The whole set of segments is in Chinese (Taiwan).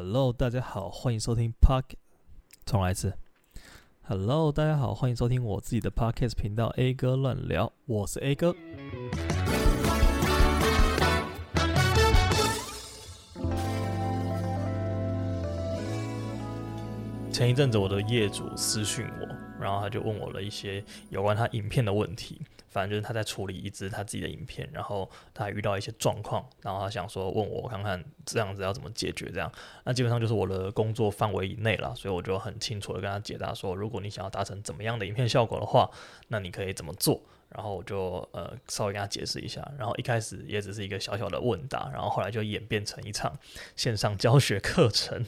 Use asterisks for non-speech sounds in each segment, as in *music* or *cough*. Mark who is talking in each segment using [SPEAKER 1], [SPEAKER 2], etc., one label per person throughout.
[SPEAKER 1] Hello，大家好，歡迎收聽 Podcast。重來一次。Hello，大家好，歡迎收聽我自己的 Podcast 頻道 A 哥亂聊，我是 A 哥。前一陣子，我的業主私訊我，然後他就問我了一些有關他影片的問題。反正就是他在處理一支他自己的影片，然後他還遇到一些狀況，然後他想說問我看看這樣子要怎麼解決。這樣，那基本上就是我的工作範圍以內了，所以我就很清楚地跟他解答說，如果你想要達成怎麼樣的影片效果的話，那你可以怎麼做。然後我就呃稍微跟他解釋一下。然後一開始也只是一個小小的問答，然後後來就演變成一場線上教學課程。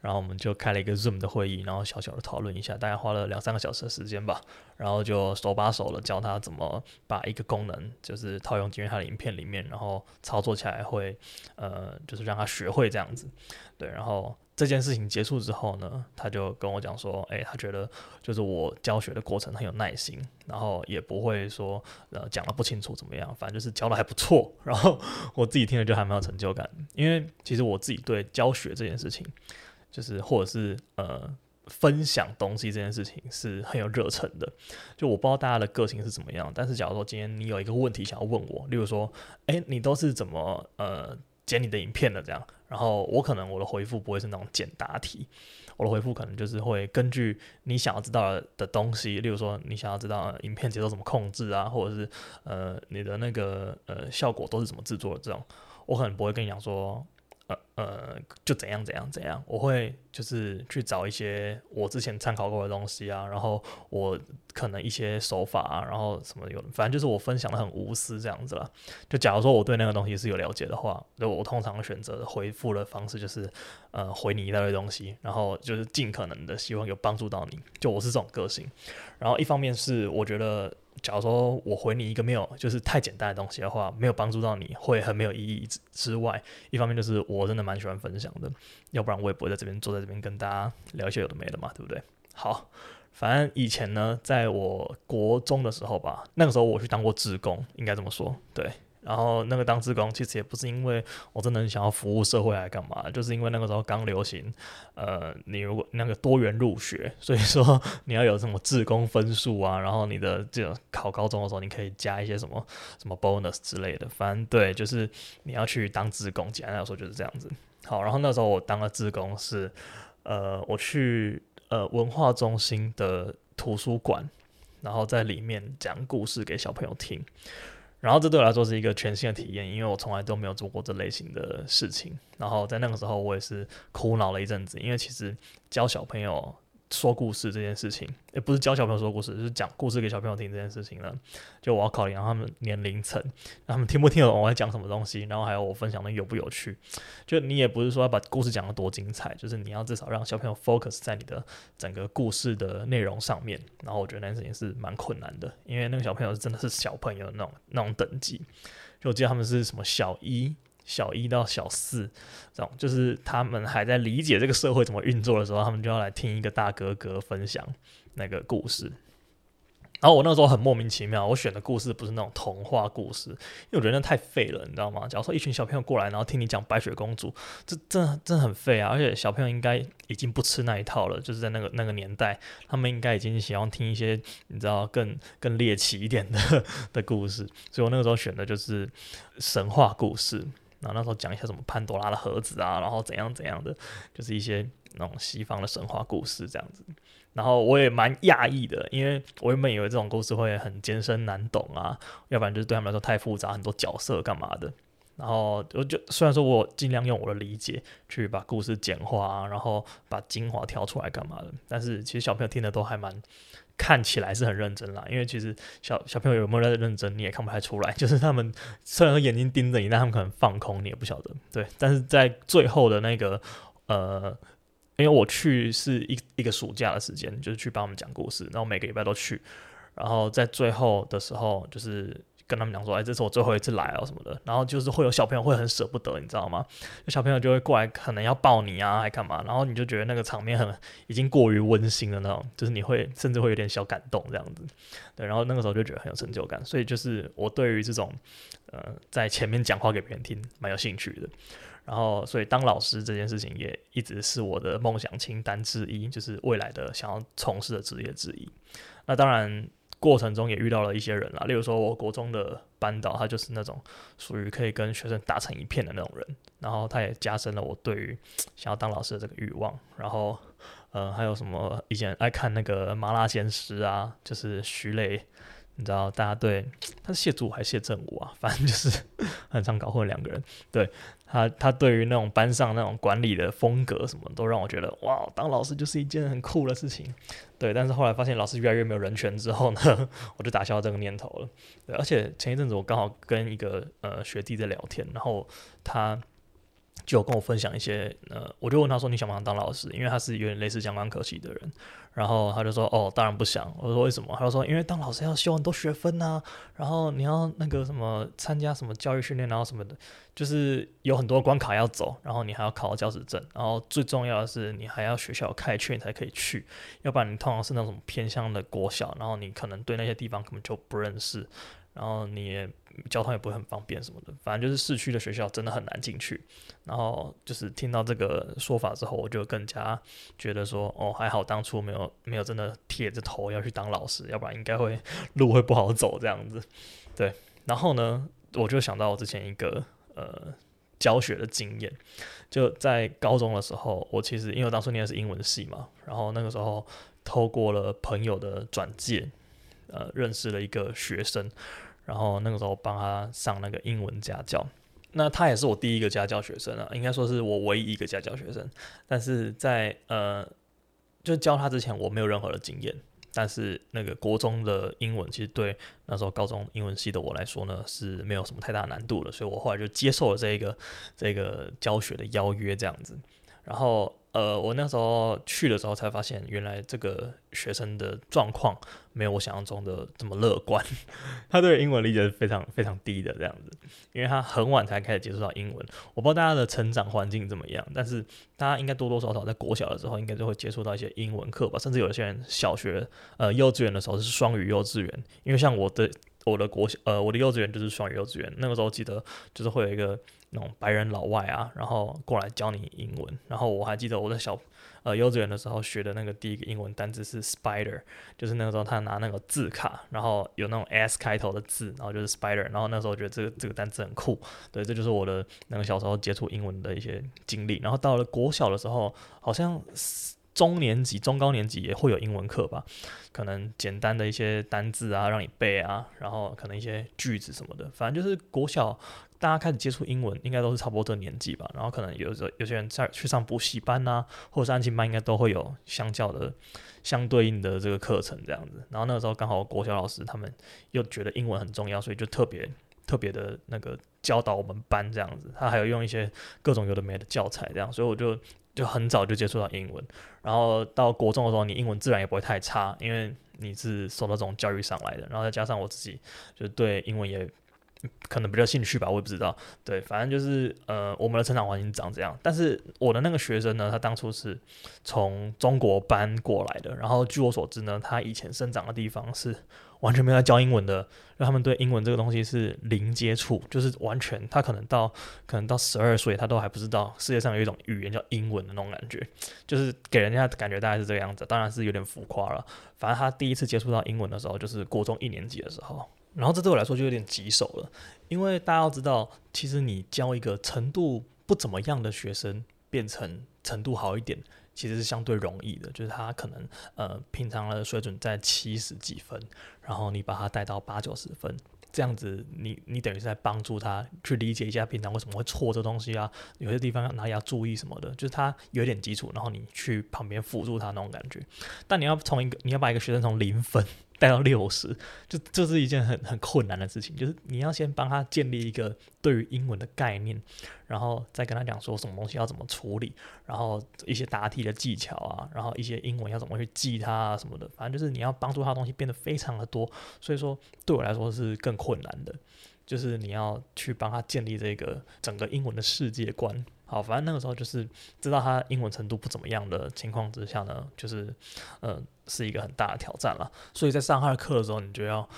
[SPEAKER 1] 然後我們就開了一個 Zoom 的會議，然後小小的討論一下，大概花了兩三個小時的時間吧，然後就手把手的教他怎麼把一個功能，就是套用進他的影片裡面，然後操作起來會，呃，就是讓他學會這樣子，對，然後。這件事情結束之後呢，他就跟我講說：“誒、欸，他覺得就是我教學的過程很有耐心，然後也不會說呃講得不清楚怎麼樣，反正就是教得還不錯。然後我自己聽了就還蠻有成就感，因為其實我自己對教學這件事情，就是或者是呃分享東西這件事情是很有熱忱的。就我不知道大家的個性是怎麼樣，但是假如說今天你有一個問題想要問我，例如說，誒、欸，你都是怎麼呃？”剪你的影片的這樣，然後我可能我的回復不會是那種簡答題，我的回復可能就是會根據你想要知道的東西，例如說你想要知道影片節奏怎麼控制啊，或者是呃你的那個呃效果都是怎麼製作的這種，我可能不會跟你講說。呃呃，就怎樣怎樣怎樣，我會就是去找一些我之前參考過的東西啊，然後我可能一些手法啊，然後什麼有，反正就是我分享得很無私這樣子啦。就假如說我對那個東西是有了解的話，那我通常選擇回復的方式就是，呃，回你一大堆東西，然後就是盡可能的希望有幫助到你。就我是這種個性，然後一方面是我覺得。假如說我回你一個沒有，就是太簡單的東西的話，沒有幫助到你，會很沒有意義之之外，一方面就是我真的蠻喜歡分享的，要不然我也不會在這邊坐在這邊跟大家聊一些有的沒的嘛，對不對？好，反正以前呢，在我國中的時候吧，那個時候我去當過志工，應該這麼說，對。然後那個當志工其實也不是因為我真的很想要服務社會來幹嘛，就是因為那個時候剛流行，呃，你如果那個多元入學，所以說你要有什麼志工分數啊，然後你的這個考高中的時候你可以加一些什麼什麼 bonus 之類的，反正對，就是你要去當志工，簡單來說就是這樣子。好，然後那時候我當了志工是，呃，我去呃文化中心的圖書館，然後在裡面講故事給小朋友聽。然後這對我來說是一個全新的體驗，因為我從來都沒有做過這類型的事情。然後在那個時候，我也是苦惱了一陣子，因為其實教小朋友。說故事這件事情，也不是教小朋友說故事，就是講故事給小朋友聽這件事情了。就我要考量，他們年齡層，讓他們聽不聽得懂我在講什麼東西，然後還有我分享的有不有趣。就你也不是說要把故事講得多精彩，就是你要至少讓小朋友 focus 在你的整個故事的內容上面。然後我覺得那件事情是蠻困難的，因為那個小朋友真的是小朋友那種那種等級。就我記得他們是什麼小一。小一到小四，這種就是他們還在理解這個社會怎麼運作的時候，他們就要來聽一個大哥哥分享那個故事。然後我那個時候很莫名其妙，我選的故事不是那種童話故事，因為我覺得那太廢了，你知道嗎？假如說一群小朋友過來，然後聽你講白雪公主，這真的真的很廢啊！而且小朋友應該已經不吃那一套了，就是在那個那個年代，他們應該已經喜歡聽一些你知道更更獵奇一點的的故事。所以我那個時候選的就是神話故事。然後那時候講一下什麼潘多拉的盒子啊，然後怎樣怎樣的，就是一些那種西方的神話故事這樣子。然後我也蠻訝異的，因為我原本以為這種故事會很艱深難懂啊，要不然就是對他們來說太複雜，很多角色幹嘛的。然後我就雖然說我盡量用我的理解去把故事簡化啊，然後把精華挑出來幹嘛的，但是其實小朋友聽得都還蠻看起來是很認真啦。因為其實小小朋友有沒有在認真，你也看不太出來。就是他們雖然說眼睛盯着你，但他們可能放空，你也不曉得。對，但是在最後的那個呃，因為我去是一一個暑假的時間，就是去幫他們講故事，然後每個禮拜都去，然後在最後的時候就是。跟他們講說，欸，這是我最後一次來啊什麼的。然後就是會有小朋友會很舍不得，你知道嗎？那小朋友就會過來，可能要抱你啊，還幹嘛？然後你就覺得那個場面很已經過於溫馨的那種，就是你會甚至會有點小感動這樣子。對，然後那個時候就覺得很有成就感。所以就是我對於這種，呃，在前面講話給別人聽，蠻有興趣的。然後，所以當老師這件事情也一直是我的夢想清單之一，就是未來的想要從事的職業之一。那當然。過程中也遇到了一些人啦，例如說我國中的班導，他就是那種屬於可以跟學生打成一片的那種人，然後他也加深了我對於想要當老師的這個慾望。然後，呃，還有什麼以前愛看那個《麻辣鮮師》啊，就是徐雷。你知道，大家對他是謝祖武還是謝正務啊？反正就是很常搞混兩個人。對他，他對於那種班上那種管理的風格，什麼都讓我覺得哇，當老師就是一件很酷的事情。對，但是後來發現老師越來越沒有人權之後呢，我就打消這個念頭了。對，而且前一陣子我剛好跟一個呃學弟在聊天，然後他。就跟我分享一些，呃，我就問他說：“你想不想當老師？”因為他是有點類似相關科系的人，然後他就說：“哦，當然不想。”我說：“為什麼？”他說：“因為當老師要修很多學分吶、啊，然後你要那個什麼參加什麼教育訓練，然後什麼的，就是有很多關卡要走，然後你還要考教師證，然後最重要的是你還要學校開缺才可以去，要不然你通常是那種偏向的國小，然後你可能對那些地方根本就不認識，然後你也。”交通也不會很方便什麼的，反正就是市區的學校真的很難進去。然後就是聽到這個說法之後，我就更加覺得說，哦，還好當初沒有沒有真的鐵著頭要去當老師，要不然應該會路會不好走這樣子。對，然後呢，我就想到我之前一個呃教學的經驗，就在高中的時候，我其實因為當初念的是英文系嘛，然後那個時候透過了朋友的轉介，呃，認識了一個學生。然後那個時候我幫他上那個英文家教，那他也是我第一個家教學生啊，應該說是我唯一一個家教學生。但是在呃，就教他之前我沒有任何的經驗，但是那個國中的英文其實對那時候高中英文系的我來說呢是沒有什麼太大的難度的，所以我後來就接受了這一個這個教學的邀約這樣子，然後。呃，我那時候去的時候才發現，原來這個學生的狀況沒有我想象中的這麼樂觀。他對英文理解是非常非常低的這樣子，因為他很晚才開始接觸到英文。我不知道大家的成長環境怎麼樣，但是大家應該多多少少在國小的時候應該就會接觸到一些英文課吧，甚至有些人小學呃幼稚園的時候是雙語幼稚園，因為像我的。我的國小呃我的幼稚園就是雙語幼稚園，那個時候我記得就是會有一個那種白人老外啊，然後過來教你英文，然後我還記得我的小呃幼稚園的時候學的那個第一個英文單字是 spider，就是那個時候他拿那個字卡，然後有那種 s 開頭的字，然後就是 spider，然後那時候我覺得這個這個單詞很酷，對，這就是我的那個小時候接觸英文的一些經歷，然後到了國小的時候好像。中年級、中高年級也會有英文課吧，可能簡單的一些單字啊，讓你背啊，然後可能一些句子什麼的，反正就是國小大家開始接觸英文，應該都是差不多這個年紀吧。然後可能有候有些人再去上補習班啊，或者是安靜班，應該都會有相較的、相對應的這個課程這樣子。然後那個時候剛好國小老師他們又覺得英文很重要，所以就特別。特別的那個教導我們班這樣子，他還有用一些各種有的沒的教材這樣，所以我就就很早就接觸到英文。然後到國中的時候，你英文自然也不會太差，因為你是受到這種教育上來的。然後再加上我自己就對英文也可能比較興趣吧，我也不知道。對，反正就是呃，我們的成長環境長這樣。但是我的那個學生呢，他當初是從中國搬過來的。然後據我所知呢，他以前生長的地方是。完全沒有在教英文的，讓他們對英文這個東西是零接觸，就是完全他可能到可能到十二歲他都還不知道世界上有一種語言叫英文的那種感覺，就是給人家感覺大概是這個樣子，當然是有點浮誇了。反正他第一次接觸到英文的時候就是國中一年級的時候，然後這對我來說就有點棘手了，因為大家要知道，其實你教一個程度不怎麼樣的學生。變成程度好一點，其實是相對容易的。就是他可能呃平常的水準在七十幾分，然後你把他帶到八九十分，這樣子你你等於是在幫助他去理解一下平常為什麼會錯這東西啊，有些地方哪裡要注意什麼的，就是他有點基礎，然後你去旁邊輔助他那種感覺。但你要從一個，你要把一個學生從零分。帶到六十，就這是一件很很困難的事情。就是你要先幫他建立一個對於英文的概念，然後再跟他講說什麼東西要怎麼處理，然後一些答題的技巧啊，然後一些英文要怎麼去記它啊什麼的。反正就是你要幫助他的東西變得非常的多。所以說，對我來說是更困難的，就是你要去幫他建立這個整個英文的世界觀。好，反正那個時候就是知道他英文程度不怎麼樣的情況之下呢，就是，呃，是一個很大的挑戰了。所以在上二課的時候，你就要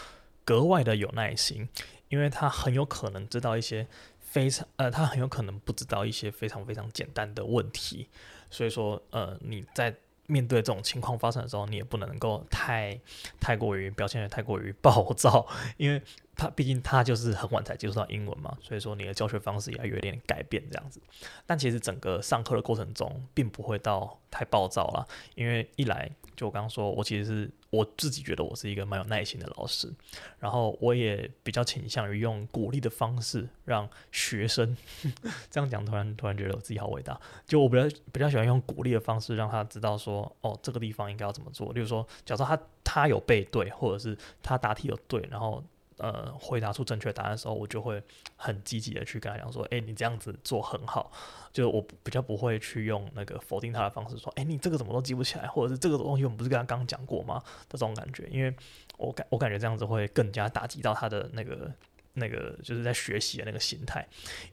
[SPEAKER 1] 格外的有耐心，因為他很有可能知道一些非常，呃，他很有可能不知道一些非常非常簡單的問題。所以說，呃，你在面對這種情況發生的時候，你也不能夠太太過於表現得太過於暴躁，因為。他畢竟他就是很晚才接觸到英文嘛，所以說你的教學方式也要有一點改變這樣子。但其實整個上課的過程中，並不會到太暴躁啦，因為一來就我剛剛說，我其實是我自己覺得我是一個蠻有耐心的老師，然後我也比較傾向於用鼓勵的方式讓學生。呵呵這樣講突然突然覺得我自己好偉大，就我比較比較喜歡用鼓勵的方式讓他知道說，哦這個地方應該要怎麼做。例如說，假設他他有背對，或者是他答題有對，然後，呃，回答出正確答案的時候，我就會很積極的去跟他講說，哎、欸，你這樣子做很好。就我比較不會去用那個否定他的方式，說，哎、欸，你這個怎麼都記不起來，或者是這個東西我們不是跟他剛剛講過嗎？這種感覺，因為我感我感覺這樣子會更加打擊到他的那個。那個就是在學習的那個心態，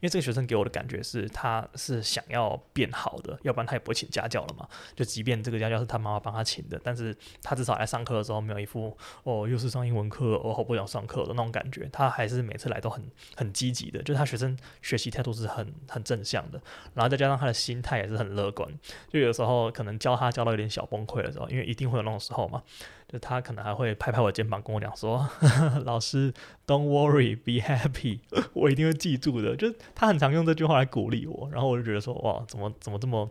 [SPEAKER 1] 因為這個學生給我的感覺是，他是想要變好的，要不然他也不會請家教了嘛。就即便這個家教是他媽媽幫他請的，但是他至少來上課的時候沒有一副“哦，又是上英文課，我好不想上課”的那種感覺。他還是每次來都很很積極的，就是他學生學習態度是很很正向的，然後再加上他的心態也是很樂觀。就有時候可能教他教到有點小崩潰的時候，因為一定會有那種時候嘛。他可能還會拍拍我肩膀，跟我講說呵呵：“老師，Don't worry, be happy。”我一定會記住的。就是他很常用這句話來鼓勵我，然後我就覺得說：“哇，怎麼怎麼這麼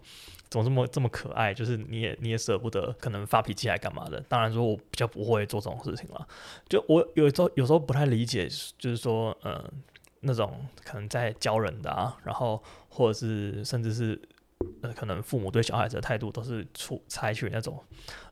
[SPEAKER 1] 怎麼這麼這麼可愛？就是你也你也捨不得，可能發脾氣來幹嘛的？當然說我比較不會做這種事情了。就我有時候有時候不太理解，就是說，嗯、呃，那種可能在教人的啊，然後或者是甚至是。呃，可能父母對小孩子的態度都是出採取那種，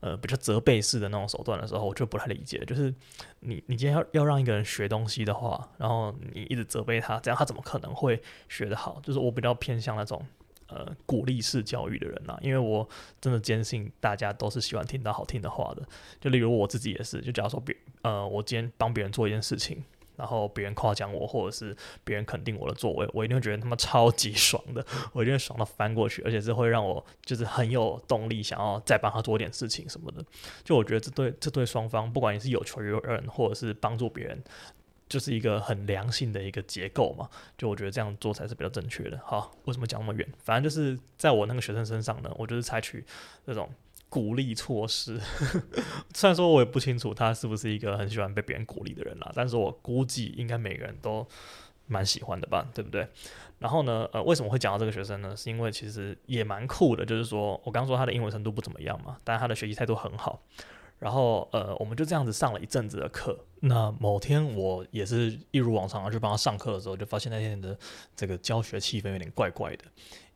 [SPEAKER 1] 呃，比較責備式的那種手段的時候，我就不太理解。就是你你今天要要讓一個人學東西的話，然後你一直責備他，這樣他怎麼可能會學得好？就是我比較偏向那種呃鼓勵式教育的人啦，啊，因為我真的堅信大家都是喜歡聽到好聽的話的。就例如我自己也是，就假如說別呃，我今天幫別人做一件事情。然後別人誇獎我，或者是別人肯定我的作為，我一定會覺得他媽超級爽的，我一定會爽到翻過去，而且是會讓我就是很有動力想要再幫他做點事情什麼的。就我覺得這對這對雙方，不管你是有求於人或者是幫助別人，就是一個很良性的一個結構嘛。就我覺得這樣做才是比較正確的。好，為什麼講那麼遠？反正就是在我那個學生身上呢，我就是採取這種。鼓勵措施， *laughs* 雖然說我也不清楚他是不是一個很喜歡被別人鼓勵的人啦，啊，但是我估計應該每個人都蠻喜歡的吧，對不對？然後呢，呃，為什麼會講到這個學生呢？是因為其實也蠻酷的，就是說我剛說他的英文程度不怎麼樣嘛，但他的學習態度很好。然後呃，我們就這樣子上了一陣子的課。那某天我也是一如往常就去幫他上課的時候，就發現那天的這個教學氣氛有點怪怪的。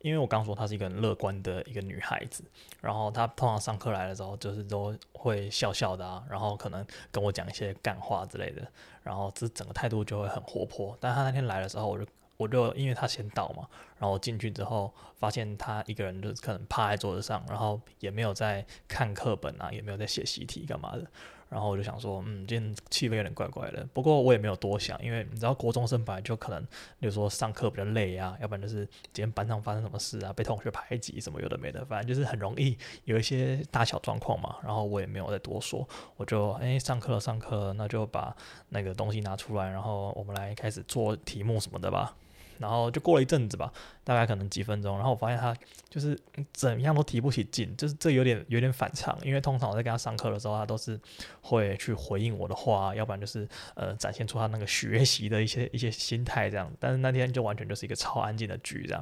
[SPEAKER 1] 因為我剛說她是一個很樂觀的一個女孩子，然後她通常上課來的時候就是都會笑笑的啊，然後可能跟我講一些乾話之類的，然後這整個態度就會很活潑。但她那天來的時候，我就我就因為她先到嘛，然後我進去之後發現她一個人就是可能趴在桌子上，然後也沒有在看課本啊，也沒有在寫習題幹嘛的。然後我就想說，嗯，今天氣氛，有點怪怪的。不過我也沒有多想，因為你知道，國中生本來就可能，比如說上課比較累啊，要不然就是今天班上發生什麼事啊，被同學排擠什麼有的沒的，反正就是很容易有一些大小狀況嘛。然後我也沒有再多說，我就哎，上課了上課了，那就把那個東西拿出來，然後我們來開始做題目什麼的吧。然後就過了一陣子吧，大概可能幾分鐘，然後我發現他就是、嗯、怎樣都提不起勁，就是這有點有點反常，因為通常我在跟他上課的時候，他都是會去回應我的話，要不然就是呃展現出他那個學習的一些一些心態這樣。但是那天就完全就是一個超安靜的局這樣，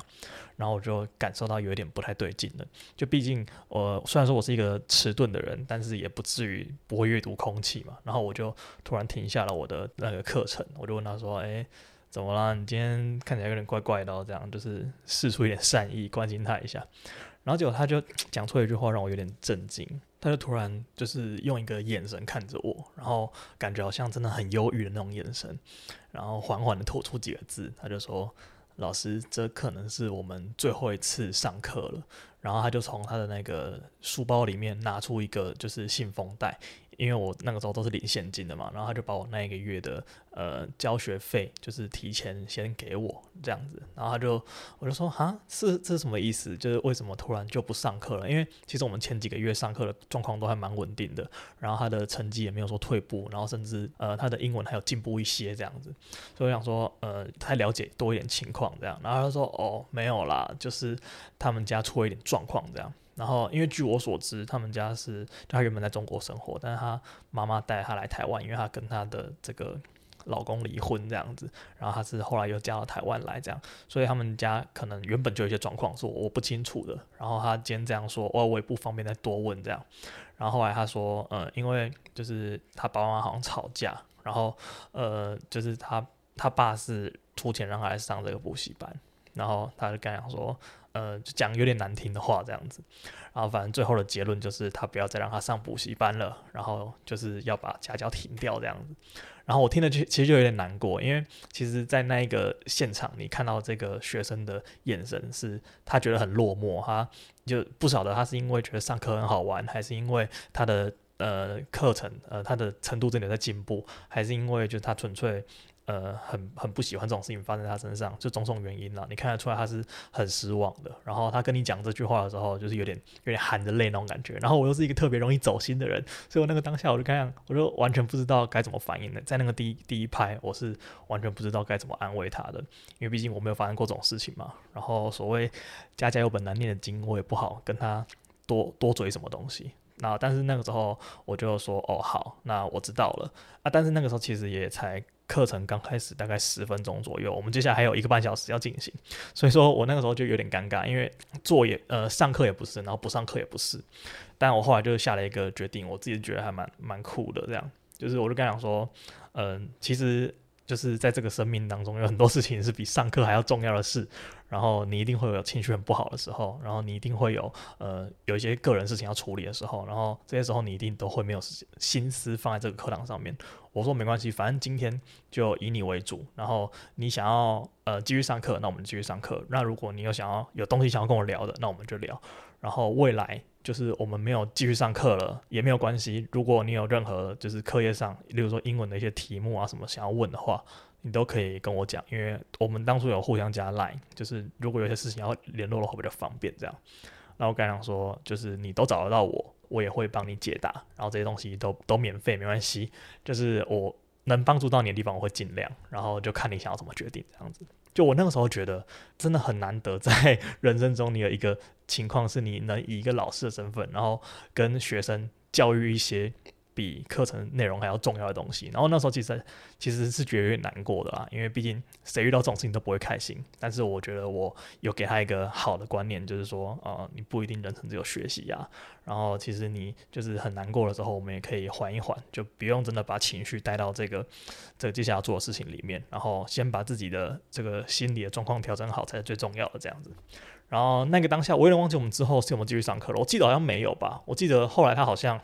[SPEAKER 1] 然後我就感受到有點不太對勁了，就畢竟我、呃、雖然說我是一個遲鈍的人，但是也不至於不會閱讀空氣嘛。然後我就突然停下了我的那個課程，我就問他說：“誒。”怎麼啦？你今天看起來有點怪怪的，這樣就是釋出一點善意，關心他一下。然後結果他就講出一句話，讓我有點震驚。他就突然就是用一個眼神看着我，然後感覺好像真的很憂鬱的那種眼神。然後緩緩的吐出幾個字，他就說：“老師，這可能是我們最後一次上課了。”然後他就從他的那個書包裡面拿出一個就是信封袋。因為我那個時候都是領現金的嘛，然後他就把我那一個月的呃交學費就是提前先給我這樣子，然後他就我就說啊，是這是什麼意思？就是為什麼突然就不上課了？因為其實我們前幾個月上課的狀況都還蠻穩定的，然後他的成績也沒有說退步，然後甚至呃他的英文還有進步一些這樣子，所以我想說呃他了解多一點情況這樣，然後他說哦，沒有啦，就是他們家出了一點狀況這樣。然後，因為據我所知，他們家是就他原本在中國生活，但是他媽媽帶他來台灣，因為他跟他的這個老公離婚這樣子，然後他是後來又嫁到台灣來這樣，所以他們家可能原本就有一些狀況，是我不清楚的。然後他今天這樣說，哦，我也不方便再多問這樣。然後後來他說，呃，因為就是他爸媽好像吵架，然後呃，就是他他爸是出錢讓他來上這個補習班，然後他就跟他講說。呃，就講有點難聽的話這樣子，然後反正最後的結論就是他不要再讓他上補習班了，然後就是要把家教停掉這樣子。然後我聽了就其實就有點難過，因為其實，在那一個現場，你看到這個學生的眼神，是他覺得很落寞，他就不曉得他是因為覺得上課很好玩，還是因為他的呃課程，呃他的程度真的在進步，還是因為就他純粹。呃，很很不喜歡這種事情發生在他身上，就種種原因啦、啊，你看得出來他是很失望的。然後他跟你講這句話的時候，就是有點有點含着淚那種感覺。然後我又是一個特別容易走心的人，所以我那個當下我就看，我就完全不知道該怎麼反應的。在那個第一第一拍，我是完全不知道該怎麼安慰他的，因為畢竟我沒有發生過這種事情嘛。然後所謂家家有本難念的經，我也不好跟他多多嘴什麼東西。然後但是那個時候我就說哦好，那我知道了啊。但是那個時候其實也才課程剛開始，大概十分鐘左右，我們接下來還有一個半小時要進行，所以說我那個時候就有點尷尬，因為做也呃上課也不是，然後不上課也不是。但我後來就下了一個決定，我自己覺得還蠻蠻酷的，這樣就是我就跟他說，嗯、呃，其實。就是在這個生命當中，有很多事情是比上課還要重要的事。然後你一定會有情緒很不好的時候，然後你一定會有呃有一些個人事情要處理的時候，然後這些時候你一定都會沒有心思放在這個課堂上面。我說沒關係，反正今天就以你為主。然後你想要呃繼續上課，那我們繼續上課。那如果你有想要有東西想要跟我聊的，那我們就聊。然後未來。就是我們沒有繼續上課了，也沒有關係。如果你有任何就是課業上，例如說英文的一些題目啊什麼想要問的話，你都可以跟我講，因為我們當初有互相加 Line，就是如果有些事情要聯絡的話比較方便這樣。然後跟他說就是你都找得到我，我也會幫你解答，然後這些東西都都免費，沒關係，就是我能幫助到你的地方我會盡量，然後就看你想要怎麼決定這樣子。就我那個時候覺得，真的很難得，在人生中你有一個情況，是你能以一個老師的身份，然後跟學生教育一些比課程內容還要重要的東西，然後那時候其實其實是覺得有點難過的啦、啊，因為畢竟誰遇到這種事情都不會開心。但是我覺得我有給他一個好的觀念，就是說，呃，你不一定人生只有學習呀、啊，然後其實你就是很難過的時候，我們也可以緩一緩，就不用真的把情緒帶到這個這個接下來要做的事情裡面，然後先把自己的這個心理的狀況調整好才是最重要的，這樣子。然後那個當下，我有點忘記我們之後是有沒有繼續上課了。我記得好像沒有吧。我記得後來他好像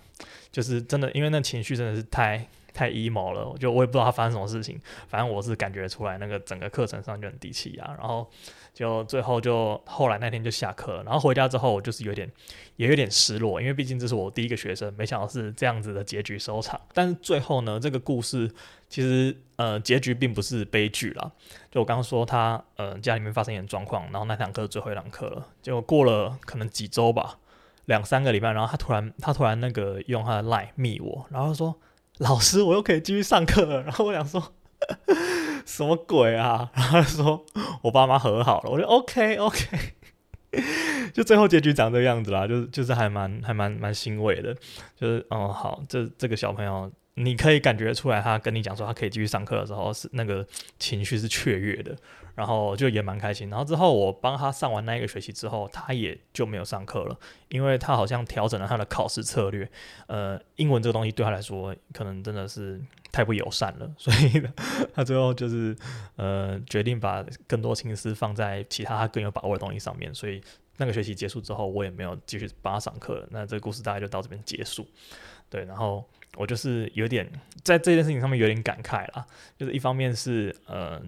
[SPEAKER 1] 就是真的，因為那情緒真的是太……太 emo 了，我就我也不知道他發生什麼事情，反正我是感覺出來那個整個課程上就很低氣壓，然後就最後就後來那天就下課了，然後回家之後我就是有點也有點失落，因為畢竟這是我第一個學生，沒想到是這樣子的結局收場。但是最後呢，這個故事其實呃結局並不是悲劇啦，就我剛剛說他呃家裡面發生一點狀況，然後那堂課最後一堂課了，結果過了可能幾週吧，兩三個禮拜，然後他突然他突然那個用他的 line 密我，然後說。老師，我又可以繼續上課了。然後我想說，什麼鬼啊？然後他說，我爸媽和好了。我就 OK OK， *laughs* 就最後結局長這個樣子啦。就是就是還蠻還蠻蠻欣慰的。就是哦、嗯，好，這這個小朋友。你可以感覺出來，他跟你講說他可以繼續上課的時候，是那個情緒是雀躍的，然後就也蠻開心。然後之後我幫他上完那個學期之後，他也就沒有上課了，因為他好像調整了他的考試策略。呃，英文這個東西對他來說，可能真的是太不友善了，所以他最後就是呃決定把更多心思放在其他，他更有把握的東西上面。所以那個學期結束之後，我也沒有繼續幫他上課了。那這個故事大概就到這邊結束。對，然後，我就是有點在這件事情上面有點感慨啦，就是一方面是呃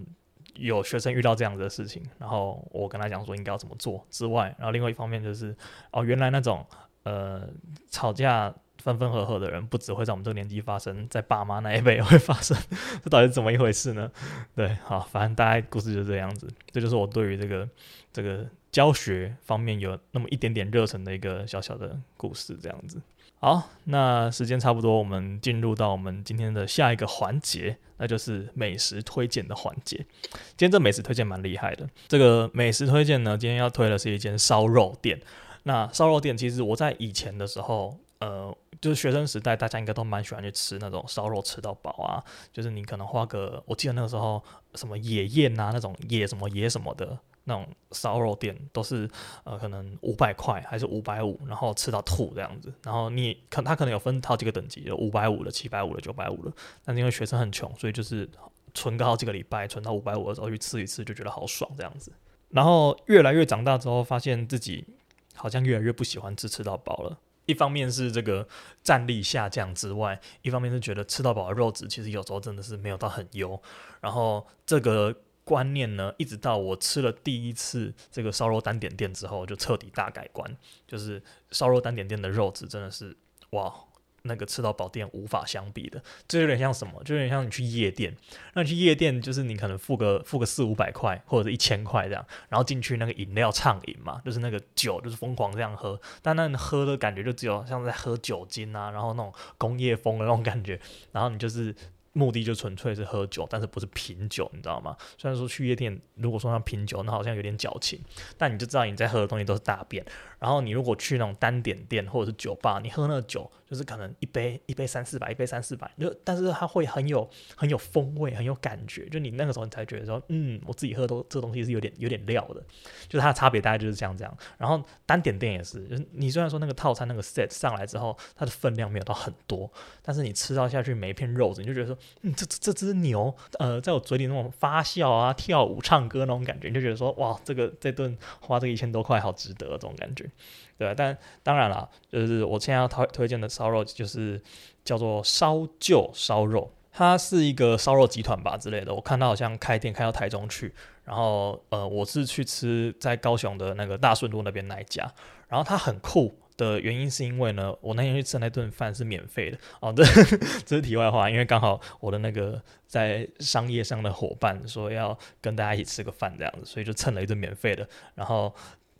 [SPEAKER 1] 有學生遇到這樣子的事情，然後我跟他講說應該要怎麼做之外，然後另外一方面就是哦原來那種呃吵架分分合合的人不只會在我們這個年紀發生，在爸媽那一輩也會發生， *laughs* 這到底是怎麼一回事呢？對，好，反正大概故事就是這樣子，這就是我對於這個這個教學方面有那麼一點點熱忱的一個小小的故事這樣子。好，那時間差不多，我們進入到我們今天的下一個環節，那就是美食推薦的環節。今天這美食推薦蠻厲害的，這個美食推薦呢，今天要推的是一間燒肉店。那燒肉店其實我在以前的時候，呃，就是學生時代，大家應該都蠻喜歡去吃那種燒肉，吃到飽啊。就是你可能花個，我記得那個時候什麼野宴啊，那種野什麼野什麼的。那種燒肉店都是呃，可能五百塊還是五百五，然後吃到吐這樣子。然後你可他可能有分好幾個等級，有五百五的、七百五的、九百五的。但是因為學生很窮，所以就是存個好幾個禮拜，存到五百五的時候去吃一次，就覺得好爽這樣子。然後越來越長大之後，發現自己好像越來越不喜歡吃吃到飽了。一方面是這個戰力下降之外，一方面是覺得吃到飽的肉質其實有時候真的是沒有到很優。然後這個。觀念呢，一直到我吃了第一次這個燒肉單點店之後，就徹底大改觀。就是燒肉單點店的肉質真的是哇，那個吃到飽店無法相比的。這有點像什麼？就有點像你去夜店。那你去夜店就是你可能付個付個四五百塊或者是一千塊這樣，然後進去那個飲料暢飲嘛，就是那個酒就是瘋狂這樣喝。但那喝的感覺就只有像在喝酒精啊，然後那種工業風的那種感覺，然後你就是。目的就純粹是喝酒，但是不是品酒，你知道嗎？雖然說去夜店，如果說要品酒，那好像有點矯情，但你就知道你在喝的東西都是大便。然後你如果去那種單點店或者是酒吧，你喝那個酒，就是可能一杯一杯三四百，一杯三四百，就但是它會很有很有風味，很有感覺，就你那個時候你才覺得說，嗯，我自己喝的都這東西是有點有點料的，就它的差別大概就是這樣。這樣，然後單點店也是，就是、你雖然說那個套餐那個 set 上來之後，它的分量沒有到很多，但是你吃到下去每一片肉，你就覺得說，嗯，這這隻牛，呃，在我嘴裡那種發酵啊、跳舞、唱歌那種感覺，你就覺得說，哇，這個這頓花這個一千多塊好值得這種感覺。對，但當然了，就是我現在要推推薦的燒肉，就是叫做燒究燒肉，它是一個燒肉集團吧之類的。我看到好像開店開到台中去，然後呃，我是去吃在高雄的那個大順路那邊那一家，然後它很酷的原因是因為呢，我那天去吃那頓飯是免費的哦。這這是題外話，因為剛好我的那個在商業上的夥伴說要跟大家一起吃個飯這樣子，所以就蹭了一頓免費的，然後。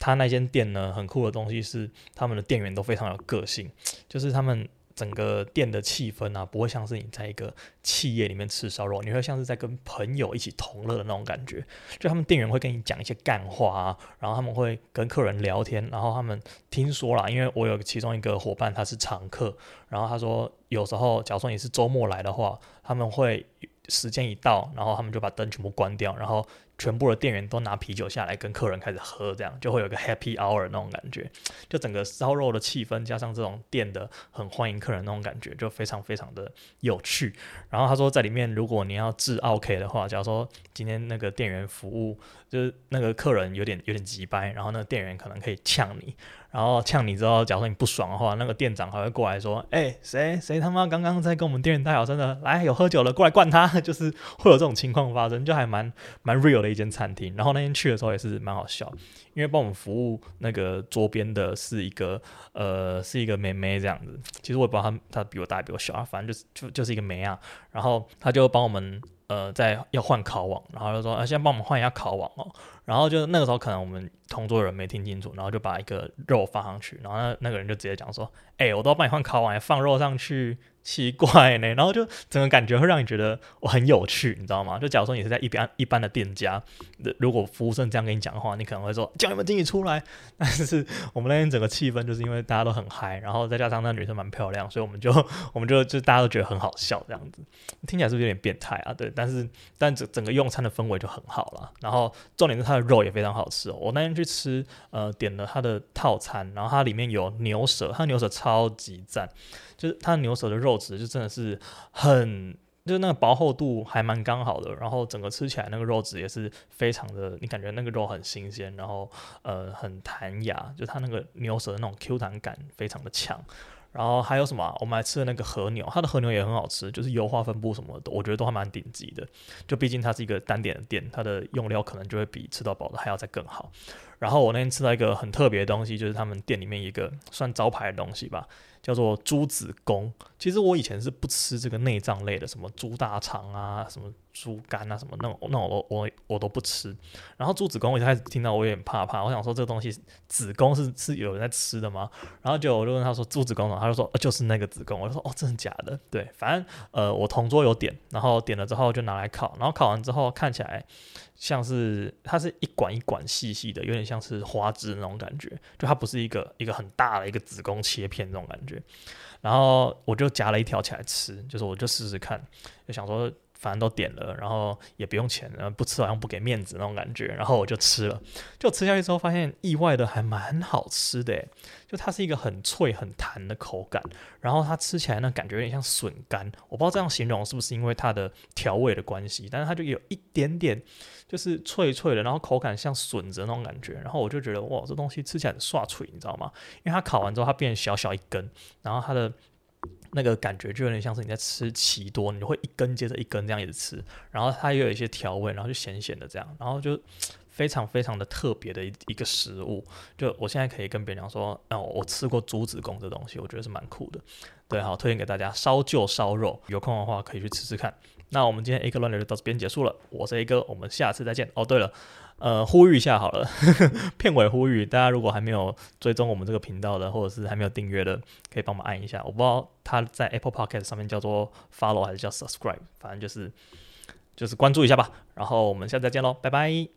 [SPEAKER 1] 他那間店呢，很酷的東西是他們的店員都非常有個性，就是他們整個店的氣氛，啊，不會像是你在一個企業裡面吃燒肉，你會像是在跟朋友一起同樂的那種感覺。就他們店員會跟你講一些幹話啊，然後他們會跟客人聊天，然後他們聽說啦，因為我有其中一個伙伴他是常客，然後他說有時候假如說你是周末來的話，他們會時間一到，然後他們就把燈全部關掉，然後。全部的店員都拿啤酒下來跟客人開始喝，這樣就會有個 happy hour 那種感覺，就整個燒肉的氣氛加上這種店的很歡迎客人那種感覺，就非常非常的有趣。然後他說在裡面，如果你要治 OK 的話，假如說今天那個店員服務就是那個客人有點有點急掰，然後那個店員可能可以嗆你，然後嗆你之後，假如說你不爽的話，那個店長還會過來說，哎、欸，誰誰他媽剛剛在跟我們店員大小聲，真的，來有喝酒了，過來灌他，就是會有這種情況發生，就還蠻蠻 real 的。一間餐廳，然後那天去的時候也是蠻好笑，因為幫我們服務那個桌邊的是一個呃，是一個妹妹這樣子。其實我也不知道她她比我大比我小啊，反正就是就就是一個妹啊。然後她就幫我們呃在要換烤網，然後就說啊、先幫我們換一下烤網哦。然後就那個時候，可能我們同桌的人沒聽清楚，然後就把一個肉放上去，然後那那個人就直接講說：“哎、欸，我都要幫你換烤網，放肉上去，奇怪呢、欸。”然後就整個感覺會讓你覺得我很有趣，你知道嗎？就假如說你是在一般一般的店家，如果服務生這樣跟你講的話，你可能會說：“叫你們經理出來。”但是我們那天整個氣氛就是因為大家都很嗨，然後再加上那女生蠻漂亮，所以我們就我們就就大家都覺得很好笑這樣子，聽起來是不是有點變態啊？對，但是但整整個用餐的氛圍就很好了。然後重點是他。的肉也非常好吃哦。我那天去吃，呃，點了它的套餐，然後它裡面有牛舌，它牛舌超級讚，就是它牛舌的肉質就真的是很，就是那個薄厚度還蠻剛好的，然後整個吃起來那個肉質也是非常的，你感覺那個肉很新鮮，然後呃很彈牙，就它那個牛舌的那種 Q 彈感非常的強。然後還有什麼？我們還吃的那個和牛，它的和牛也很好吃，就是油花分布什麼的，我覺得都還蠻頂級的。就畢竟它是一個單點的店，它的用料可能就會比吃到飽的還要再更好。然後我那天吃到一個很特別的東西，就是他們店裡面一個算招牌的東西吧。叫做豬子宮，其實我以前是不吃這個內臟類的，什麼豬大腸啊，什麼豬肝啊，什麼那種那種我我我都不吃。然後豬子宮，我一開始聽到我有點怕怕，我想說這個東西子宮是是有人在吃的嗎？然後就我就問他說豬子宮嗎？然後他就說、呃、就是那個子宮。我就說哦，真的假的？對，反正呃我同桌有點，然後點了之後就拿來烤，然後烤完之後看起來，像是它是一管一管細細的，有點像是花枝那種感覺，就它不是一個一個很大的一個子宮切片那種感覺。然後我就夾了一條起來吃，就是我就試試看，就想說。反正都點了，然後也不用錢了，然後不吃好像不給面子那種感覺，然後我就吃了。就吃下去之後，發現意外的還蠻好吃的誒！就它是一個很脆很彈的口感，然後它吃起來呢，感覺有點像筍乾。我不知道這樣形容是不是因為它的調味的關係，但是它就有一點點就是脆脆的，然後口感像筍子那種感覺。然後我就覺得哇，這東西吃起來很刷脆，你知道嗎？因為它烤完之後它變小小一根，然後它的。那個感覺就有點像是你在吃奇多，你會一根接着一根這樣一直吃，然後它也有一些調味，然後就鹹咸的這樣，然後就非常非常的特別的一一個食物。就我現在可以跟別人講說，哦、呃，我吃過豬子宮這東西，我覺得是蠻酷的。對，好，推薦給大家燒究燒肉，有空的話可以去吃吃看。那我們今天 A 哥亂聊就到這邊結束了，我是 A 哥，我們下次再見。哦，對了。呃，呼籲一下好了，呵呵，片尾呼籲大家，如果還沒有追蹤我們這個頻道的，或者是還沒有訂閱的，可以幫忙按一下。我不知道它在 Apple Podcast 上面叫做 Follow 還是叫 Subscribe，反正就是就是關注一下吧。然後我們下次再見嘍，拜拜。